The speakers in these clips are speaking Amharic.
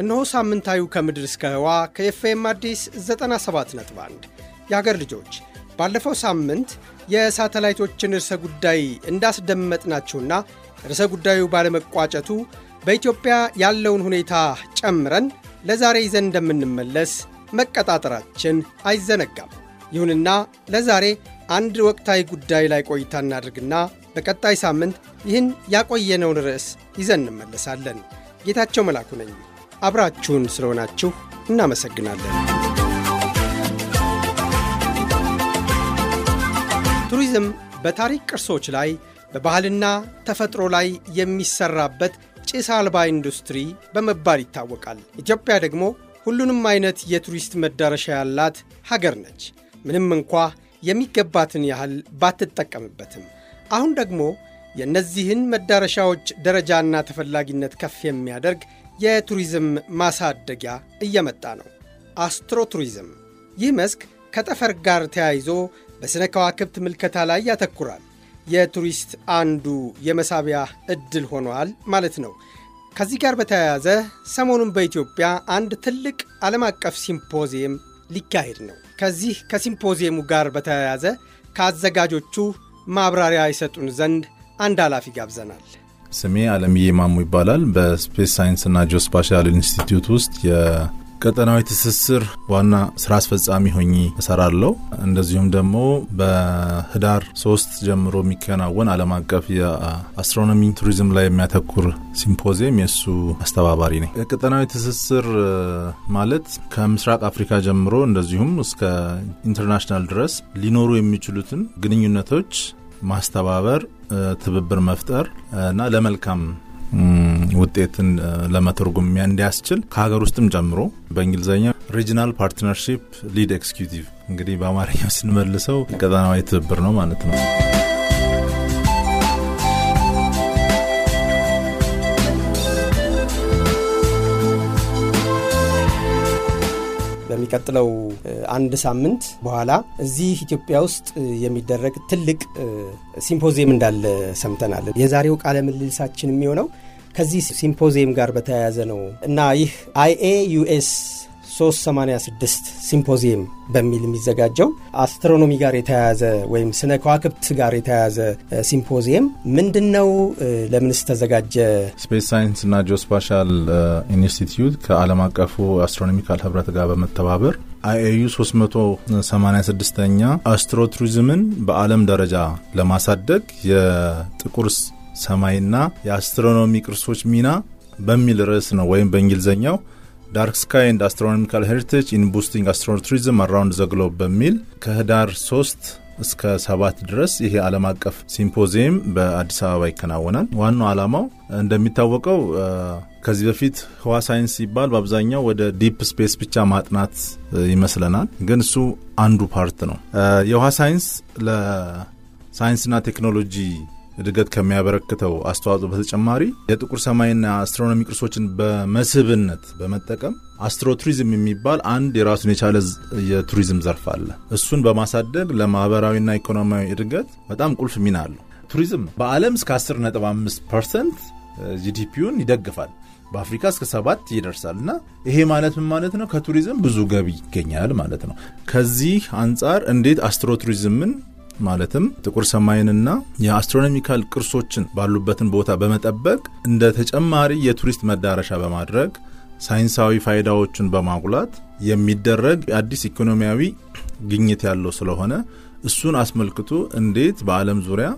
እነሆ ሳምንታዩ ከምድር እስከ ህዋ ከኤፍኤም አዲስ 97.1 የአገር ልጆች ባለፈው ሳምንት የሳተላይቶችን ርዕሰ ጉዳይ እንዳስደመጥናችሁና ርዕሰ ጉዳዩ ባለመቋጨቱ በኢትዮጵያ ያለውን ሁኔታ ጨምረን ለዛሬ ይዘን እንደምንመለስ መቀጣጠራችን አይዘነጋም። ይሁንና ለዛሬ አንድ ወቅታዊ ጉዳይ ላይ ቆይታ እናድርግና በቀጣይ ሳምንት ይህን ያቆየነውን ርዕስ ይዘን እንመለሳለን። ጌታቸው መላኩ ነኝ። አብራችሁን ስለሆናችሁ እናመሰግናለን። ቱሪዝም በታሪክ ቅርሶች ላይ በባህልና ተፈጥሮ ላይ የሚሰራበት ጭስ አልባ ኢንዱስትሪ በመባል ይታወቃል። ኢትዮጵያ ደግሞ ሁሉንም አይነት የቱሪስት መዳረሻ ያላት ሀገር ነች፣ ምንም እንኳ የሚገባትን ያህል ባትጠቀምበትም። አሁን ደግሞ የእነዚህን መዳረሻዎች ደረጃና ተፈላጊነት ከፍ የሚያደርግ የቱሪዝም ማሳደጊያ እየመጣ ነው። አስትሮ ቱሪዝም። ይህ መስክ ከጠፈር ጋር ተያይዞ በሥነ ከዋክብት ምልከታ ላይ ያተኩራል። የቱሪስት አንዱ የመሳቢያ ዕድል ሆኗል ማለት ነው። ከዚህ ጋር በተያያዘ ሰሞኑን በኢትዮጵያ አንድ ትልቅ ዓለም አቀፍ ሲምፖዚየም ሊካሄድ ነው። ከዚህ ከሲምፖዚየሙ ጋር በተያያዘ ከአዘጋጆቹ ማብራሪያ ይሰጡን ዘንድ አንድ ኃላፊ ጋብዘናል። ስሜ አለምዬ ማሙ ይባላል። በስፔስ ሳይንስና ጂኦስፓሻል ኢንስቲትዩት ውስጥ የቀጠናዊ ትስስር ዋና ስራ አስፈጻሚ ሆኚ እሰራለሁ። እንደዚሁም ደግሞ በህዳር ሶስት ጀምሮ የሚከናወን አለም አቀፍ የአስትሮኖሚ ቱሪዝም ላይ የሚያተኩር ሲምፖዚየም የእሱ አስተባባሪ ነኝ። የቀጠናዊ ትስስር ማለት ከምስራቅ አፍሪካ ጀምሮ እንደዚሁም እስከ ኢንተርናሽናል ድረስ ሊኖሩ የሚችሉትን ግንኙነቶች ማስተባበር፣ ትብብር መፍጠር እና ለመልካም ውጤትን ለመተርጎም እንዲያስችል ከሀገር ውስጥም ጨምሮ በእንግሊዝኛ ሪጂናል ፓርትነርሺፕ ሊድ ኤክስኪቲቭ እንግዲህ በአማርኛው ስንመልሰው ቀጠናዊ ትብብር ነው ማለት ነው። በሚቀጥለው አንድ ሳምንት በኋላ እዚህ ኢትዮጵያ ውስጥ የሚደረግ ትልቅ ሲምፖዚየም እንዳለ ሰምተናል። የዛሬው ቃለ ምልልሳችን የሚሆነው ከዚህ ሲምፖዚየም ጋር በተያያዘ ነው እና ይህ አይኤ ዩኤስ 386 ሲምፖዚየም በሚል የሚዘጋጀው አስትሮኖሚ ጋር የተያያዘ ወይም ስነ ከዋክብት ጋር የተያያዘ ሲምፖዚየም ምንድን ነው? ለምንስ ተዘጋጀ? ስፔስ ሳይንስ እና ጂኦስፓሻል ኢንስቲትዩት ከዓለም አቀፉ አስትሮኖሚካል ህብረት ጋር በመተባበር አይኤዩ 386ኛ አስትሮ ቱሪዝምን በዓለም ደረጃ ለማሳደግ የጥቁር ሰማይና የአስትሮኖሚ ቅርሶች ሚና በሚል ርዕስ ነው ወይም በእንግሊዝኛው ዳርክ ስካይ ንድ አስትሮኖሚካል ሄሪቴጅ ኢን ቡስቲንግ አስትሮኖትሪዝም አራውንድ ዘ ግሎብ በሚል ከህዳር 3 እስከ ሰባት ድረስ ይሄ ዓለም አቀፍ ሲምፖዚየም በአዲስ አበባ ይከናወናል። ዋናው ዓላማው እንደሚታወቀው ከዚህ በፊት ህዋ ሳይንስ ሲባል በአብዛኛው ወደ ዲፕ ስፔስ ብቻ ማጥናት ይመስለናል፣ ግን እሱ አንዱ ፓርት ነው። የውሃ ሳይንስ ለሳይንስና ቴክኖሎጂ እድገት ከሚያበረክተው አስተዋጽኦ በተጨማሪ የጥቁር ሰማይና አስትሮኖሚ ቅርሶችን በመስህብነት በመጠቀም አስትሮቱሪዝም የሚባል አንድ የራሱን የቻለ የቱሪዝም ዘርፍ አለ። እሱን በማሳደግ ለማህበራዊና ኢኮኖሚያዊ እድገት በጣም ቁልፍ ሚና አለው። ቱሪዝም በዓለም እስከ 10.5 ፐርሰንት ጂዲፒውን ይደግፋል። በአፍሪካ እስከ ሰባት ይደርሳል እና ይሄ ማለት ምን ማለት ነው? ከቱሪዝም ብዙ ገቢ ይገኛል ማለት ነው። ከዚህ አንጻር እንዴት አስትሮቱሪዝምን ማለትም ጥቁር ሰማይንና የአስትሮኖሚካል ቅርሶችን ባሉበትን ቦታ በመጠበቅ እንደ ተጨማሪ የቱሪስት መዳረሻ በማድረግ ሳይንሳዊ ፋይዳዎቹን በማጉላት የሚደረግ አዲስ ኢኮኖሚያዊ ግኝት ያለው ስለሆነ እሱን አስመልክቶ እንዴት በዓለም ዙሪያ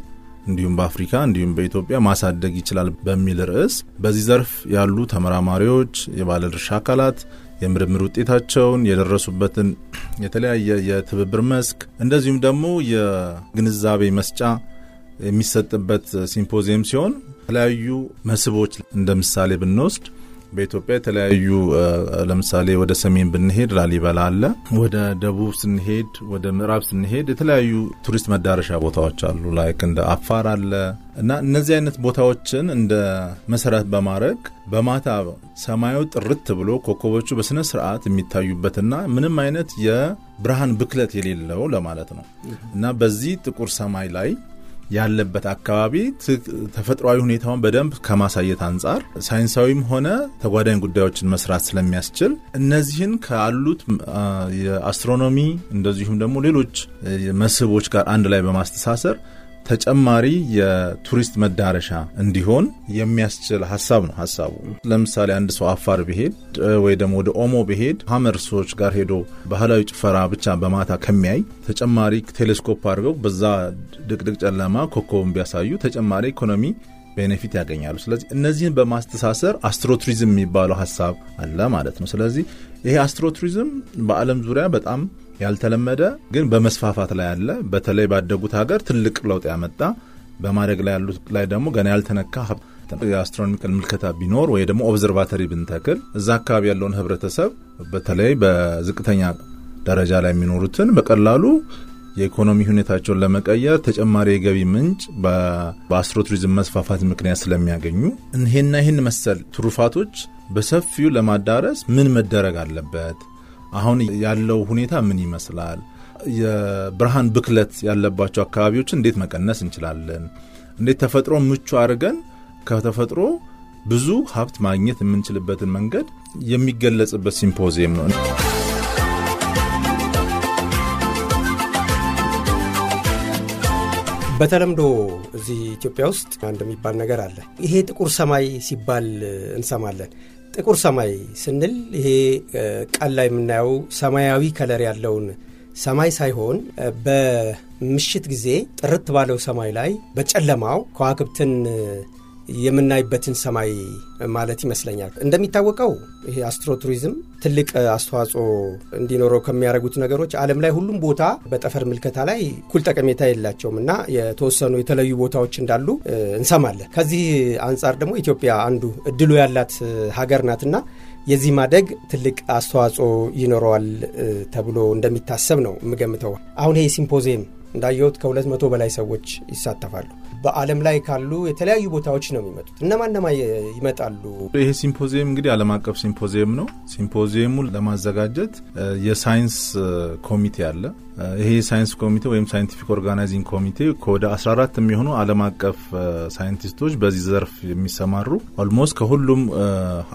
እንዲሁም በአፍሪካ እንዲሁም በኢትዮጵያ ማሳደግ ይችላል በሚል ርዕስ በዚህ ዘርፍ ያሉ ተመራማሪዎች፣ የባለድርሻ አካላት የምርምር ውጤታቸውን የደረሱበትን የተለያየ የትብብር መስክ እንደዚሁም ደግሞ የግንዛቤ መስጫ የሚሰጥበት ሲምፖዚየም ሲሆን የተለያዩ መስህቦች እንደ ምሳሌ ብንወስድ በኢትዮጵያ የተለያዩ ለምሳሌ ወደ ሰሜን ብንሄድ ላሊበላ አለ። ወደ ደቡብ ስንሄድ፣ ወደ ምዕራብ ስንሄድ የተለያዩ ቱሪስት መዳረሻ ቦታዎች አሉ። ላይክ እንደ አፋር አለ እና እነዚህ አይነት ቦታዎችን እንደ መሰረት በማድረግ በማታ ሰማዩ ጥርት ብሎ ኮከቦቹ በስነ ስርዓት የሚታዩበትና ምንም አይነት የብርሃን ብክለት የሌለው ለማለት ነው እና በዚህ ጥቁር ሰማይ ላይ ያለበት አካባቢ ተፈጥሯዊ ሁኔታውን በደንብ ከማሳየት አንጻር ሳይንሳዊም ሆነ ተጓዳኝ ጉዳዮችን መስራት ስለሚያስችል እነዚህን ካሉት የአስትሮኖሚ እንደዚሁም ደግሞ ሌሎች መስህቦች ጋር አንድ ላይ በማስተሳሰር ተጨማሪ የቱሪስት መዳረሻ እንዲሆን የሚያስችል ሀሳብ ነው። ሀሳቡ ለምሳሌ አንድ ሰው አፋር ብሄድ ወይ ደግሞ ወደ ኦሞ ብሄድ ሀመር ሰዎች ጋር ሄዶ ባህላዊ ጭፈራ ብቻ በማታ ከሚያይ ተጨማሪ ቴሌስኮፕ አድርገው በዛ ድቅድቅ ጨለማ ኮከብን ቢያሳዩ ተጨማሪ ኢኮኖሚ ቤኔፊት ያገኛሉ። ስለዚህ እነዚህን በማስተሳሰር አስትሮቱሪዝም የሚባለው ሀሳብ አለ ማለት ነው። ስለዚህ ይሄ አስትሮቱሪዝም በዓለም ዙሪያ በጣም ያልተለመደ ግን በመስፋፋት ላይ ያለ በተለይ ባደጉት ሀገር ትልቅ ለውጥ ያመጣ በማደግ ላይ ያሉት ላይ ደግሞ ገና ያልተነካ የአስትሮኖሚካል ምልከታ ቢኖር ወይ ደግሞ ኦብዘርቫተሪ ብንተክል እዛ አካባቢ ያለውን ህብረተሰብ በተለይ በዝቅተኛ ደረጃ ላይ የሚኖሩትን በቀላሉ የኢኮኖሚ ሁኔታቸውን ለመቀየር ተጨማሪ የገቢ ምንጭ በአስትሮ ቱሪዝም መስፋፋት ምክንያት ስለሚያገኙ ይሄና ይህን መሰል ትሩፋቶች በሰፊው ለማዳረስ ምን መደረግ አለበት? አሁን ያለው ሁኔታ ምን ይመስላል? የብርሃን ብክለት ያለባቸው አካባቢዎችን እንዴት መቀነስ እንችላለን? እንዴት ተፈጥሮ ምቹ አድርገን ከተፈጥሮ ብዙ ሀብት ማግኘት የምንችልበትን መንገድ የሚገለጽበት ሲምፖዚየም ነው። በተለምዶ እዚህ ኢትዮጵያ ውስጥ የሚባል ነገር አለ። ይሄ ጥቁር ሰማይ ሲባል እንሰማለን። ጥቁር ሰማይ ስንል ይሄ ቀን ላይ የምናየው ሰማያዊ ከለር ያለውን ሰማይ ሳይሆን በምሽት ጊዜ ጥርት ባለው ሰማይ ላይ በጨለማው ከዋክብትን የምናይበትን ሰማይ ማለት ይመስለኛል። እንደሚታወቀው ይሄ አስትሮ ቱሪዝም ትልቅ አስተዋጽኦ እንዲኖረው ከሚያደርጉት ነገሮች ዓለም ላይ ሁሉም ቦታ በጠፈር ምልከታ ላይ እኩል ጠቀሜታ የላቸውም እና የተወሰኑ የተለዩ ቦታዎች እንዳሉ እንሰማለን። ከዚህ አንጻር ደግሞ ኢትዮጵያ አንዱ እድሉ ያላት ሀገር ናትና የዚህ ማደግ ትልቅ አስተዋጽኦ ይኖረዋል ተብሎ እንደሚታሰብ ነው የምገምተው። አሁን ይሄ ሲምፖዚየም እንዳየሁት ከሁለት መቶ በላይ ሰዎች ይሳተፋሉ። በዓለም ላይ ካሉ የተለያዩ ቦታዎች ነው የሚመጡት። እነማን ይመጣሉ? ይሄ ሲምፖዚየም እንግዲህ ዓለም አቀፍ ሲምፖዚየም ነው። ሲምፖዚየሙን ለማዘጋጀት የሳይንስ ኮሚቴ አለ። ይሄ ሳይንስ ኮሚቴ ወይም ሳይንቲፊክ ኦርጋናይዚንግ ኮሚቴ ከወደ 14 የሚሆኑ ዓለም አቀፍ ሳይንቲስቶች በዚህ ዘርፍ የሚሰማሩ ኦልሞስት ከሁሉም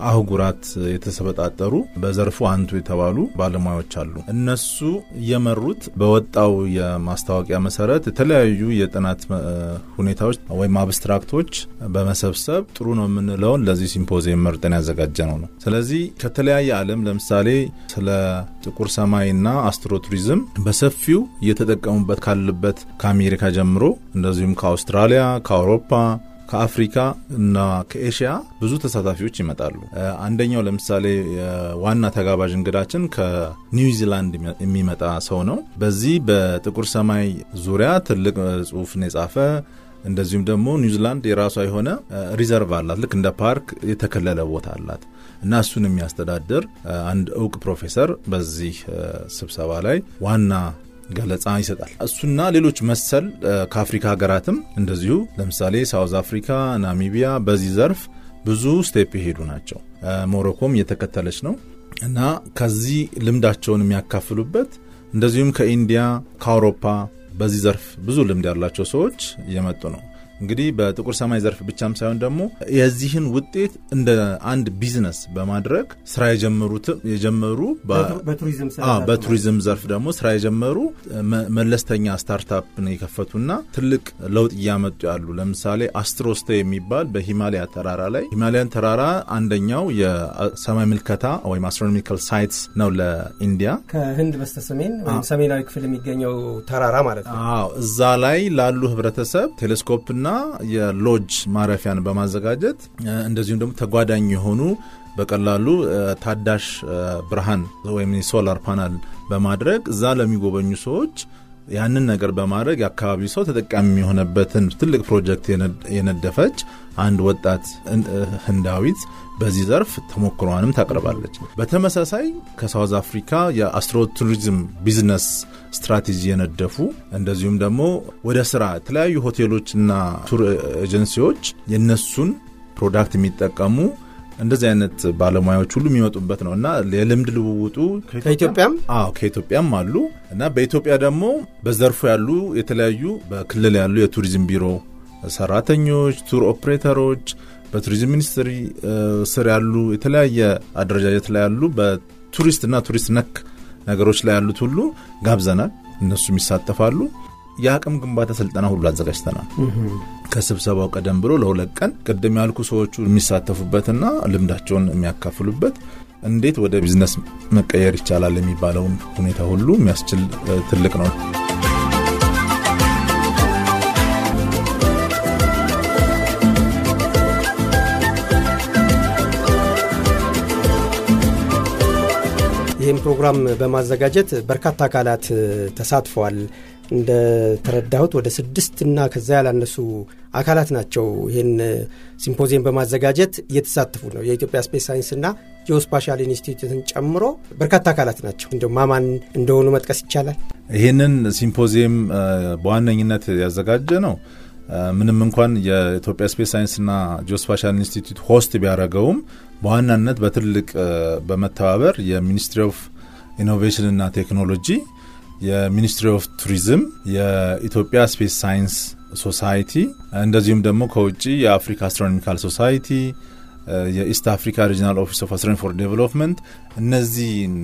አህጉራት የተሰበጣጠሩ በዘርፉ አንቱ የተባሉ ባለሙያዎች አሉ። እነሱ የመሩት በወጣው የማስታወቂያ መሰረት የተለያዩ የጥናት ሁኔታዎች ወይም አብስትራክቶች በመሰብሰብ ጥሩ ነው የምንለውን ለዚህ ሲምፖዚየም መርጠን ያዘጋጀ ነው ነው። ስለዚህ ከተለያየ ዓለም ለምሳሌ ስለ ጥቁር ሰማይና አስትሮ ቱሪዝም በሰፊው እየተጠቀሙበት ካለበት ከአሜሪካ ጀምሮ እንደዚሁም ከአውስትራሊያ፣ ከአውሮፓ ከአፍሪካ እና ከኤሽያ ብዙ ተሳታፊዎች ይመጣሉ። አንደኛው ለምሳሌ ዋና ተጋባዥ እንግዳችን ከኒውዚላንድ የሚመጣ ሰው ነው። በዚህ በጥቁር ሰማይ ዙሪያ ትልቅ ጽሁፍን የጻፈ እንደዚሁም ደግሞ ኒውዚላንድ የራሷ የሆነ ሪዘርቭ አላት። ልክ እንደ ፓርክ የተከለለ ቦታ አላት እና እሱን የሚያስተዳድር አንድ እውቅ ፕሮፌሰር በዚህ ስብሰባ ላይ ዋና ገለጻ ይሰጣል። እሱና ሌሎች መሰል ከአፍሪካ ሀገራትም እንደዚሁ ለምሳሌ ሳውዝ አፍሪካ፣ ናሚቢያ በዚህ ዘርፍ ብዙ ስቴፕ የሄዱ ናቸው። ሞሮኮም እየተከተለች ነው እና ከዚህ ልምዳቸውን የሚያካፍሉበት እንደዚሁም ከኢንዲያ፣ ከአውሮፓ በዚህ ዘርፍ ብዙ ልምድ ያላቸው ሰዎች እየመጡ ነው። እንግዲህ በጥቁር ሰማይ ዘርፍ ብቻም ሳይሆን ደግሞ የዚህን ውጤት እንደ አንድ ቢዝነስ በማድረግ ስራ የጀመሩት የጀመሩ በቱሪዝም ዘርፍ ደግሞ ስራ የጀመሩ መለስተኛ ስታርታፕን የከፈቱና ትልቅ ለውጥ እያመጡ ያሉ ለምሳሌ አስትሮስቴ የሚባል በሂማሊያ ተራራ ላይ ሂማሊያን ተራራ አንደኛው የሰማይ ምልከታ ወይም አስትሮኖሚካል ሳይትስ ነው ለኢንዲያ ከህንድ በስተሰሜን ሰሜናዊ ክፍል የሚገኘው ተራራ ማለት ነው። እዛ ላይ ላሉ ህብረተሰብ ቴሌስኮፕና የሎጅ ማረፊያን በማዘጋጀት እንደዚሁም ደግሞ ተጓዳኝ የሆኑ በቀላሉ ታዳሽ ብርሃን ወይም ሶላር ፓናል በማድረግ እዛ ለሚጎበኙ ሰዎች ያንን ነገር በማድረግ የአካባቢ ሰው ተጠቃሚ የሆነበትን ትልቅ ፕሮጀክት የነደፈች አንድ ወጣት ህንዳዊት በዚህ ዘርፍ ተሞክሯንም ታቀርባለች። በተመሳሳይ ከሳውዝ አፍሪካ የአስትሮ ቱሪዝም ቢዝነስ ስትራቴጂ የነደፉ እንደዚሁም ደግሞ ወደ ስራ የተለያዩ ሆቴሎችና ቱር ኤጀንሲዎች የነሱን ፕሮዳክት የሚጠቀሙ እንደዚህ አይነት ባለሙያዎች ሁሉ የሚመጡበት ነው እና የልምድ ልውውጡ ከኢትዮጵያም ከኢትዮጵያም አሉ እና በኢትዮጵያ ደግሞ በዘርፉ ያሉ የተለያዩ በክልል ያሉ የቱሪዝም ቢሮ ሰራተኞች፣ ቱር ኦፕሬተሮች በቱሪዝም ሚኒስትሪ ስር ያሉ የተለያየ አደረጃጀት ላይ ያሉ በቱሪስትና ቱሪስት ነክ ነገሮች ላይ ያሉት ሁሉ ጋብዘናል። እነሱም ይሳተፋሉ። የአቅም ግንባታ ስልጠና ሁሉ አዘጋጅተናል። ከስብሰባው ቀደም ብሎ ለሁለት ቀን ቅድም ያልኩ ሰዎቹ የሚሳተፉበትና ልምዳቸውን የሚያካፍሉበት እንዴት ወደ ቢዝነስ መቀየር ይቻላል የሚባለውን ሁኔታ ሁሉ የሚያስችል ትልቅ ነው። ይህን ፕሮግራም በማዘጋጀት በርካታ አካላት ተሳትፈዋል። እንደ ተረዳሁት ወደ ስድስት እና ከዛ ያላነሱ አካላት ናቸው ይህን ሲምፖዚየም በማዘጋጀት እየተሳተፉ ነው። የኢትዮጵያ ስፔስ ና ጂኦስፓሻል ኢንስቲትዩትን ጨምሮ በርካታ አካላት ናቸው። እንደ ማማን እንደሆኑ መጥቀስ ይቻላል። ይህንን ሲምፖዚየም በዋነኝነት ያዘጋጀ ነው ምንም እንኳን የኢትዮጵያ ስፔስ ሳይንስና ጂኦስፓሻል ኢንስቲትዩት ሆስት ቢያደረገውም በዋናነት በትልቅ በመተባበር የሚኒስትሪ ኦፍ ኢኖቬሽንና ቴክኖሎጂ፣ የሚኒስትሪ ኦፍ ቱሪዝም፣ የኢትዮጵያ ስፔስ ሳይንስ ሶሳይቲ እንደዚሁም ደግሞ ከውጭ የአፍሪካ አስትሮኖሚካል ሶሳይቲ የኢስት አፍሪካ ሪጂናል ኦፊስ ኦፍ አስትሮኖሚ ፎር ዴቨሎፕመንት እነዚህን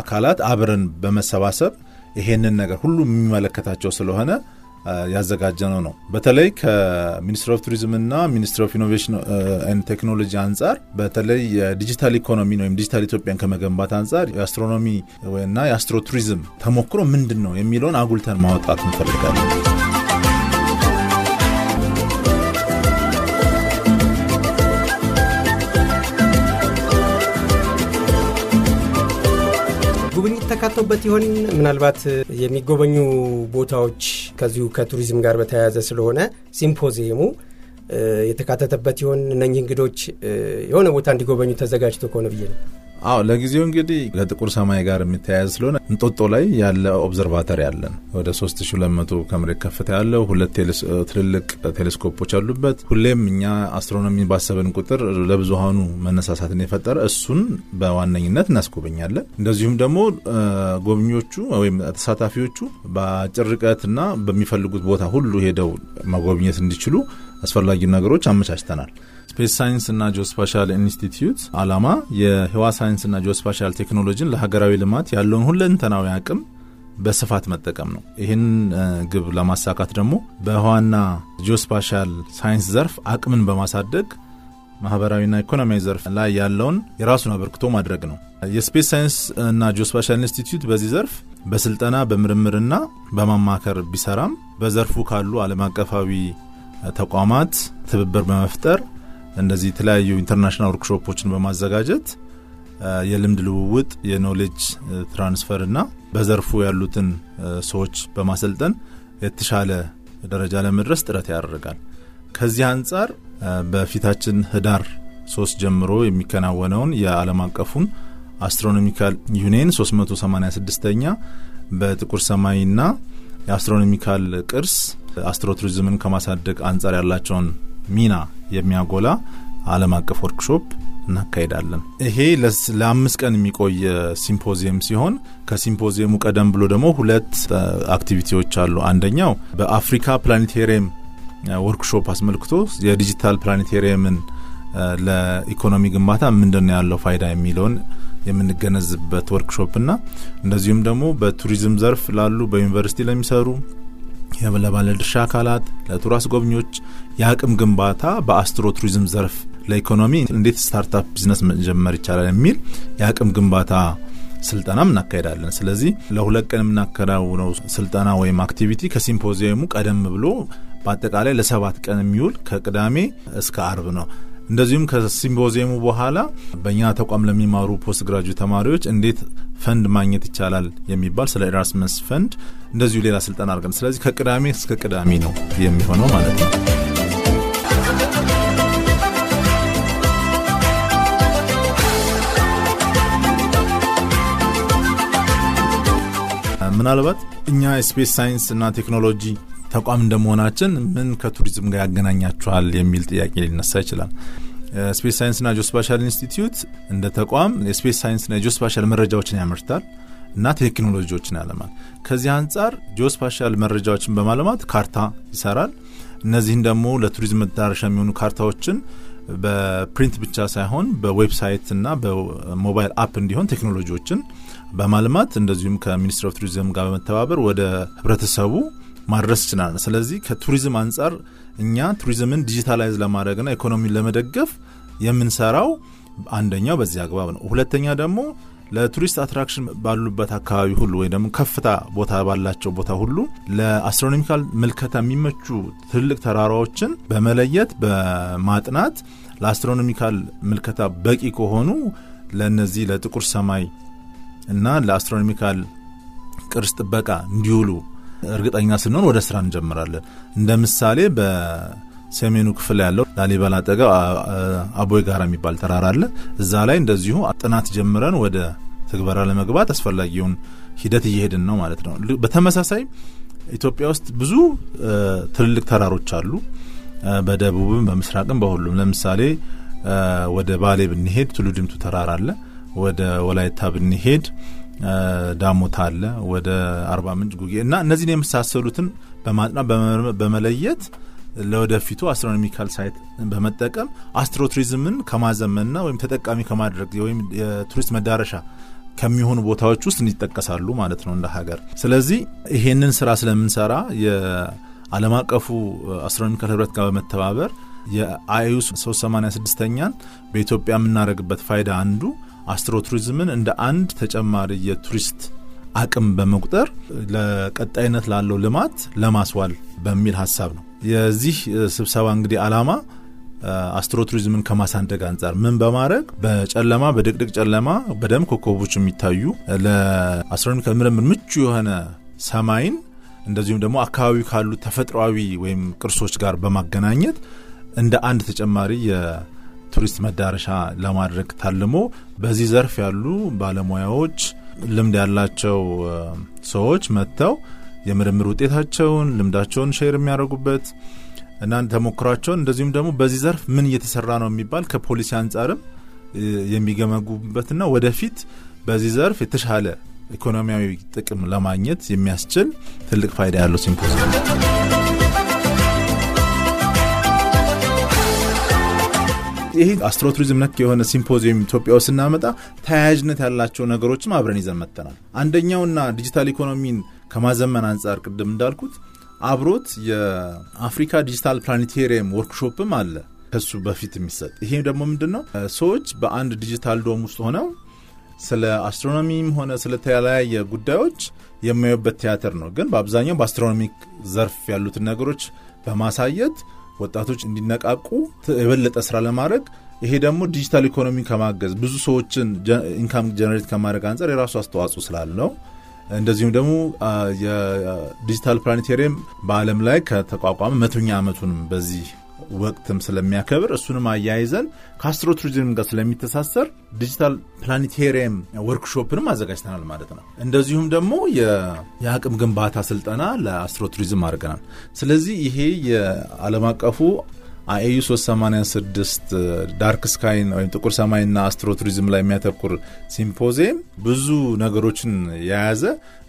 አካላት አብረን በመሰባሰብ ይሄንን ነገር ሁሉ የሚመለከታቸው ስለሆነ ያዘጋጀነው ነው። በተለይ ከሚኒስትር ኦፍ ቱሪዝምና ሚኒስትር ኦፍ ኢኖቬሽን ኤንድ ቴክኖሎጂ አንጻር በተለይ የዲጂታል ኢኮኖሚን ወይም ዲጂታል ኢትዮጵያን ከመገንባት አንጻር የአስትሮኖሚ እና የአስትሮ ቱሪዝም ተሞክሮ ምንድን ነው የሚለውን አጉልተን ማውጣት እንፈልጋለን። ጉብኝት ተካተውበት ይሆን ምናልባት የሚጎበኙ ቦታዎች ከዚሁ ከቱሪዝም ጋር በተያያዘ ስለሆነ ሲምፖዚየሙ የተካተተበት ይሆን? እነኚህ እንግዶች የሆነ ቦታ እንዲጎበኙ ተዘጋጅቶ ከሆነ ብዬ ነው። አዎ ለጊዜው እንግዲህ ከጥቁር ሰማይ ጋር የሚተያያዝ ስለሆነ እንጦጦ ላይ ያለ ኦብዘርቫተሪ አለን። ወደ 3200 ከመሬት ከፍታ ያለው ሁለት ትልልቅ ቴሌስኮፖች ያሉበት ሁሌም እኛ አስትሮኖሚ ባሰብን ቁጥር ለብዙሃኑ መነሳሳትን የፈጠረ እሱን በዋነኝነት እናስጎበኛለን። እንደዚሁም ደግሞ ጎብኚዎቹ ወይም ተሳታፊዎቹ በአጭር ርቀትና በሚፈልጉት ቦታ ሁሉ ሄደው መጎብኘት እንዲችሉ አስፈላጊ ነገሮች አመቻችተናል። ስፔስ ሳይንስና ጂኦስፓሻል ኢንስቲትዩት አላማ የህዋ ሳይንስና ጂኦስፓሻል ቴክኖሎጂን ለሀገራዊ ልማት ያለውን ሁለንተናዊ አቅም በስፋት መጠቀም ነው። ይህን ግብ ለማሳካት ደግሞ በህዋና ጂኦስፓሻል ሳይንስ ዘርፍ አቅምን በማሳደግ ማህበራዊና ኢኮኖሚያዊ ዘርፍ ላይ ያለውን የራሱን አበርክቶ ማድረግ ነው። የስፔስ ሳይንስ እና ጂኦስፓሻል ኢንስቲትዩት በዚህ ዘርፍ በስልጠና በምርምርና በማማከር ቢሰራም በዘርፉ ካሉ ዓለም አቀፋዊ ተቋማት ትብብር በመፍጠር እንደዚህ የተለያዩ ኢንተርናሽናል ወርክሾፖችን በማዘጋጀት የልምድ ልውውጥ የኖሌጅ ትራንስፈር እና በዘርፉ ያሉትን ሰዎች በማሰልጠን የተሻለ ደረጃ ለመድረስ ጥረት ያደርጋል። ከዚህ አንጻር በፊታችን ህዳር ሶስት ጀምሮ የሚከናወነውን የዓለም አቀፉን አስትሮኖሚካል ዩኒየን 386ኛ በጥቁር ሰማይና የአስትሮኖሚካል ቅርስ አስትሮቱሪዝምን ከማሳደግ አንጻር ያላቸውን ሚና የሚያጎላ አለም አቀፍ ወርክሾፕ እናካሄዳለን። ይሄ ለአምስት ቀን የሚቆይ ሲምፖዚየም ሲሆን ከሲምፖዚየሙ ቀደም ብሎ ደግሞ ሁለት አክቲቪቲዎች አሉ። አንደኛው በአፍሪካ ፕላኔቴሪየም ወርክሾፕ አስመልክቶ የዲጂታል ፕላኔቴሪየምን ለኢኮኖሚ ግንባታ ምንድነው ያለው ፋይዳ የሚለውን የምንገነዝበት ና እንደዚሁም ደግሞ በቱሪዝም ዘርፍ ላሉ በዩኒቨርሲቲ ለሚሰሩ ድርሻ አካላት፣ ለቱራስ ጎብኚዎች የአቅም ግንባታ በአስትሮ ቱሪዝም ዘርፍ ለኢኮኖሚ እንዴት ስታርታፕ ቢዝነስ መጀመር ይቻላል የሚል የአቅም ግንባታ ስልጠና እናካሄዳለን። ስለዚህ ለሁለት ቀን የምናከናውነው ስልጠና ወይም አክቲቪቲ ከሲምፖዚየሙ ቀደም ብሎ በአጠቃላይ ለሰባት ቀን የሚውል ከቅዳሜ እስከ አርብ ነው። እንደዚሁም ከሲምፖዚየሙ በኋላ በእኛ ተቋም ለሚማሩ ፖስት ግራጁ ተማሪዎች እንዴት ፈንድ ማግኘት ይቻላል የሚባል ስለ ኤራስመስ ፈንድ እንደዚሁ ሌላ ስልጠና አድርገን፣ ስለዚህ ከቅዳሜ እስከ ቅዳሜ ነው የሚሆነው ማለት ነው። ምናልባት እኛ ስፔስ ሳይንስ እና ቴክኖሎጂ ተቋም እንደመሆናችን ምን ከቱሪዝም ጋር ያገናኛችኋል የሚል ጥያቄ ሊነሳ ይችላል። ስፔስ ሳይንስና ጆስፓሻል ኢንስቲትዩት እንደ ተቋም የስፔስ ሳይንስና የጂኦስፓሻል መረጃዎችን ያመርታል እና ቴክኖሎጂዎችን ያለማል። ከዚህ አንጻር ጆስፓሻል መረጃዎችን በማለማት ካርታ ይሰራል። እነዚህን ደግሞ ለቱሪዝም መዳረሻ የሚሆኑ ካርታዎችን በፕሪንት ብቻ ሳይሆን በዌብሳይት እና በሞባይል አፕ እንዲሆን ቴክኖሎጂዎችን በማልማት እንደዚሁም ከሚኒስትር ኦፍ ቱሪዝም ጋር በመተባበር ወደ ህብረተሰቡ ማድረስ ይችላል ስለዚህ ከቱሪዝም አንጻር እኛ ቱሪዝምን ዲጂታላይዝ ና ኢኮኖሚን ለመደገፍ የምንሰራው አንደኛው በዚህ አግባብ ነው። ሁለተኛ ደግሞ ለቱሪስት አትራክሽን ባሉበት አካባቢ ሁሉ ወይ ደግሞ ከፍታ ቦታ ባላቸው ቦታ ሁሉ ለአስትሮኖሚካል ምልከታ የሚመቹ ትልቅ ተራራዎችን በመለየት በማጥናት ለአስትሮኖሚካል ምልከታ በቂ ከሆኑ ለእነዚህ ለጥቁር ሰማይ እና ለአስትሮኖሚካል ቅርስ ጥበቃ እንዲውሉ እርግጠኛ ስንሆን ወደ ስራ እንጀምራለን። እንደ ምሳሌ በሰሜኑ ክፍል ያለው ላሊበላ አጠገብ አቦይ ጋራ የሚባል ተራራ አለ። እዛ ላይ እንደዚሁ ጥናት ጀምረን ወደ ትግበራ ለመግባት አስፈላጊውን ሂደት እየሄድን ነው ማለት ነው። በተመሳሳይ ኢትዮጵያ ውስጥ ብዙ ትልልቅ ተራሮች አሉ። በደቡብም በምስራቅም በሁሉም ለምሳሌ ወደ ባሌ ብንሄድ ቱሉ ድምቱ ተራራ አለ። ወደ ወላይታ ብንሄድ ዳሞት አለ ወደ አርባ ምንጭ ጉጌ እና እነዚህን የመሳሰሉትን በማጥናት በመለየት ለወደፊቱ አስትሮኖሚካል ሳይት በመጠቀም አስትሮ ቱሪዝምን ከማዘመንና ወይም ተጠቃሚ ከማድረግ ወይም የቱሪስት መዳረሻ ከሚሆኑ ቦታዎች ውስጥ ይጠቀሳሉ ማለት ነው እንደ ሀገር። ስለዚህ ይሄንን ስራ ስለምንሰራ የአለም አቀፉ አስትሮኖሚካል ህብረት ጋር በመተባበር የአዩስ 386ኛን በኢትዮጵያ የምናደርግበት ፋይዳ አንዱ አስትሮ ቱሪዝምን እንደ አንድ ተጨማሪ የቱሪስት አቅም በመቁጠር ለቀጣይነት ላለው ልማት ለማስዋል በሚል ሀሳብ ነው። የዚህ ስብሰባ እንግዲህ አላማ አስትሮ ቱሪዝምን ከማሳደግ አንጻር ምን በማድረግ በጨለማ በድቅድቅ ጨለማ በደም ኮከቦች የሚታዩ ለአስትሮኖሚካል ምርምር ምቹ የሆነ ሰማይን እንደዚሁም ደግሞ አካባቢ ካሉ ተፈጥሯዊ ወይም ቅርሶች ጋር በማገናኘት እንደ አንድ ተጨማሪ ቱሪስት መዳረሻ ለማድረግ ታልሞ በዚህ ዘርፍ ያሉ ባለሙያዎች፣ ልምድ ያላቸው ሰዎች መጥተው የምርምር ውጤታቸውን፣ ልምዳቸውን ሼር የሚያደርጉበት እና ተሞክሯቸውን እንደዚሁም ደግሞ በዚህ ዘርፍ ምን እየተሰራ ነው የሚባል ከፖሊሲ አንጻርም የሚገመጉበትና ወደፊት በዚህ ዘርፍ የተሻለ ኢኮኖሚያዊ ጥቅም ለማግኘት የሚያስችል ትልቅ ፋይዳ ያለው ሲምፖዚየም ይህ አስትሮ ቱሪዝም ነክ የሆነ ሲምፖዚየም ኢትዮጵያ ውስጥ ስናመጣ ተያያዥነት ያላቸው ነገሮችም አብረን ይዘን መጥተናል። አንደኛውና ዲጂታል ኢኮኖሚን ከማዘመን አንጻር ቅድም እንዳልኩት አብሮት የአፍሪካ ዲጂታል ፕላኔቴሪየም ወርክሾፕም አለ ከሱ በፊት የሚሰጥ ይሄ ደግሞ ምንድን ነው ሰዎች በአንድ ዲጂታል ዶም ውስጥ ሆነው ስለ አስትሮኖሚም ሆነ ተለያየ ጉዳዮች የማዩበት ቲያትር ነው። ግን በአብዛኛው በአስትሮኖሚክ ዘርፍ ያሉትን ነገሮች በማሳየት ወጣቶች እንዲነቃቁ የበለጠ ስራ ለማድረግ ይሄ ደግሞ ዲጂታል ኢኮኖሚ ከማገዝ ብዙ ሰዎችን ኢንካም ጀነሬት ከማድረግ አንጻር የራሱ አስተዋጽኦ ስላለው እንደዚሁም ደግሞ የዲጂታል ፕላኔቴሪየም በዓለም ላይ ከተቋቋመ መቶኛ ዓመቱንም በዚህ ወቅትም ስለሚያከብር እሱንም አያይዘን ከአስትሮ ቱሪዝም ጋር ስለሚተሳሰር ዲጂታል ፕላኔቴሪየም ወርክሾፕንም አዘጋጅተናል ማለት ነው። እንደዚሁም ደግሞ የአቅም ግንባታ ስልጠና ለአስትሮ ቱሪዝም አድርገናል። ስለዚህ ይሄ የዓለም አቀፉ አኤዩ 386 ዳርክ ስካይን ወይም ጥቁር ሰማይና አስትሮ ቱሪዝም ላይ የሚያተኩር ሲምፖዚየም ብዙ ነገሮችን የያዘ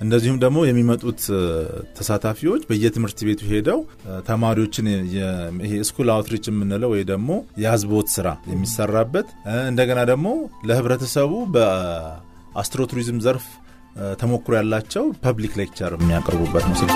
እንደዚሁም ደግሞ የሚመጡት ተሳታፊዎች በየትምህርት ቤቱ ሄደው ተማሪዎችን ይሄ ስኩል አውትሪች የምንለው ወይ ደግሞ የህዝቦት ስራ የሚሰራበት እንደገና ደግሞ ለህብረተሰቡ በአስትሮ ቱሪዝም ዘርፍ ተሞክሮ ያላቸው ፐብሊክ ሌክቸር የሚያቀርቡበት ምስል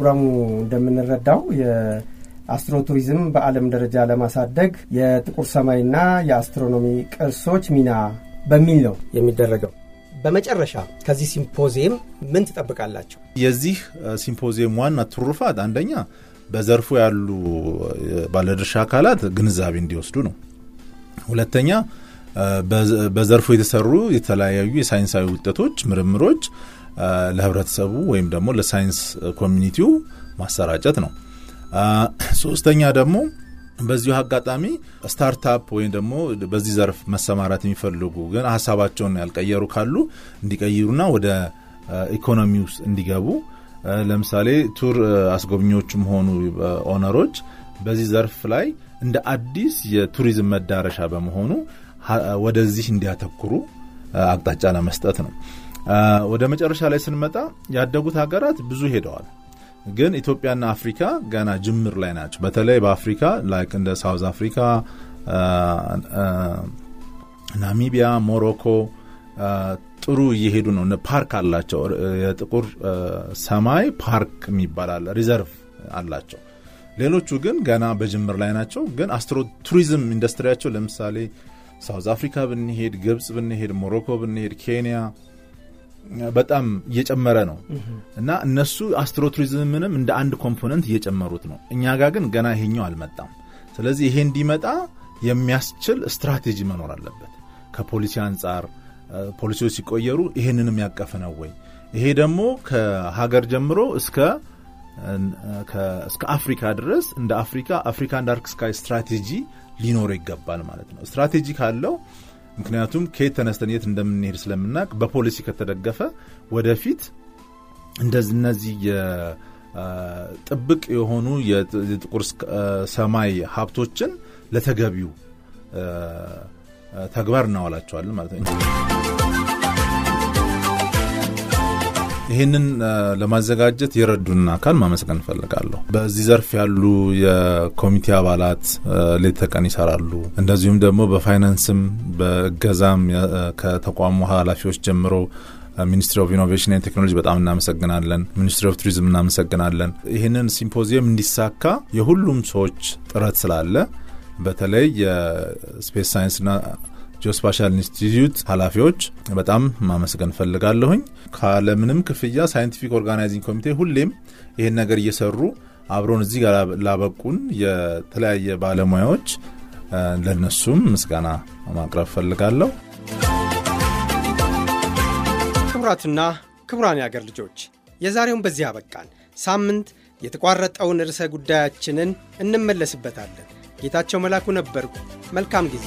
ፕሮግራሙ እንደምንረዳው የአስትሮ ቱሪዝም በዓለም ደረጃ ለማሳደግ የጥቁር ሰማይና የአስትሮኖሚ ቅርሶች ሚና በሚል ነው የሚደረገው። በመጨረሻ ከዚህ ሲምፖዚየም ምን ትጠብቃላቸው? የዚህ ሲምፖዚየም ዋና ትሩፋት አንደኛ በዘርፉ ያሉ ባለድርሻ አካላት ግንዛቤ እንዲወስዱ ነው። ሁለተኛ በዘርፉ የተሰሩ የተለያዩ የሳይንሳዊ ውጤቶች፣ ምርምሮች ለህብረተሰቡ ወይም ደግሞ ለሳይንስ ኮሚኒቲው ማሰራጨት ነው። ሶስተኛ ደግሞ በዚሁ አጋጣሚ ስታርታፕ ወይም ደግሞ በዚህ ዘርፍ መሰማራት የሚፈልጉ ግን ሀሳባቸውን ያልቀየሩ ካሉ እንዲቀይሩና ወደ ኢኮኖሚ ውስጥ እንዲገቡ ለምሳሌ ቱር አስጎብኚዎችም ሆኑ ኦነሮች በዚህ ዘርፍ ላይ እንደ አዲስ የቱሪዝም መዳረሻ በመሆኑ ወደዚህ እንዲያተኩሩ አቅጣጫ ለመስጠት ነው። ወደ መጨረሻ ላይ ስንመጣ ያደጉት ሀገራት ብዙ ሄደዋል። ግን ኢትዮጵያና አፍሪካ ገና ጅምር ላይ ናቸው። በተለይ በአፍሪካ ላይክ እንደ ሳውዝ አፍሪካ፣ ናሚቢያ፣ ሞሮኮ ጥሩ እየሄዱ ነው። ፓርክ አላቸው። የጥቁር ሰማይ ፓርክ የሚባል አለ፣ ሪዘርቭ አላቸው። ሌሎቹ ግን ገና በጅምር ላይ ናቸው። ግን አስትሮ ቱሪዝም ኢንዱስትሪያቸው ለምሳሌ ሳውዝ አፍሪካ ብንሄድ፣ ግብፅ ብንሄድ፣ ሞሮኮ ብንሄድ፣ ኬንያ በጣም እየጨመረ ነው እና እነሱ አስትሮ ቱሪዝምንም እንደ አንድ ኮምፖነንት እየጨመሩት ነው። እኛ ጋር ግን ገና ይሄኛው አልመጣም። ስለዚህ ይሄ እንዲመጣ የሚያስችል ስትራቴጂ መኖር አለበት። ከፖሊሲ አንጻር ፖሊሲዎች ሲቆየሩ ይሄንንም ያቀፈ ነው ወይ? ይሄ ደግሞ ከሀገር ጀምሮ እስከ አፍሪካ ድረስ እንደ አፍሪካ አፍሪካን ዳርክ ስካይ ስትራቴጂ ሊኖረው ይገባል ማለት ነው። ስትራቴጂ ካለው ምክንያቱም ከየት ተነስተን የት እንደምንሄድ ስለምናቅ በፖሊሲ ከተደገፈ ወደፊት እነዚህ ጥብቅ የሆኑ የጥቁር ሰማይ ሀብቶችን ለተገቢው ተግባር እናዋላቸዋለን ማለት ነው። ይህንን ለማዘጋጀት የረዱን አካል ማመስገን እንፈልጋለሁ። በዚህ ዘርፍ ያሉ የኮሚቴ አባላት ሌት ተቀን ይሰራሉ። እንደዚሁም ደግሞ በፋይናንስም በእገዛም ከተቋሙ ኃላፊዎች ጀምሮ ሚኒስትሪ ኦፍ ን ቴክኖሎጂ በጣም እናመሰግናለን። ሚኒስትሪ ኦፍ ቱሪዝም እናመሰግናለን። ይህንን ሲምፖዚየም እንዲሳካ የሁሉም ሰዎች ጥረት ስላለ በተለይ የስፔስ ሳይንስና ጂኦስፓሻል ኢንስቲትዩት ኃላፊዎች በጣም ማመስገን ፈልጋለሁኝ። ካለምንም ክፍያ ሳይንቲፊክ ኦርጋናይዚንግ ኮሚቴ ሁሌም ይህን ነገር እየሰሩ አብሮን እዚህ ጋር ላበቁን የተለያየ ባለሙያዎች ለነሱም ምስጋና ማቅረብ ፈልጋለሁ። ክቡራትና ክቡራን የአገር ልጆች የዛሬውን በዚህ አበቃን። ሳምንት የተቋረጠውን ርዕሰ ጉዳያችንን እንመለስበታለን። ጌታቸው መላኩ ነበርኩ። መልካም ጊዜ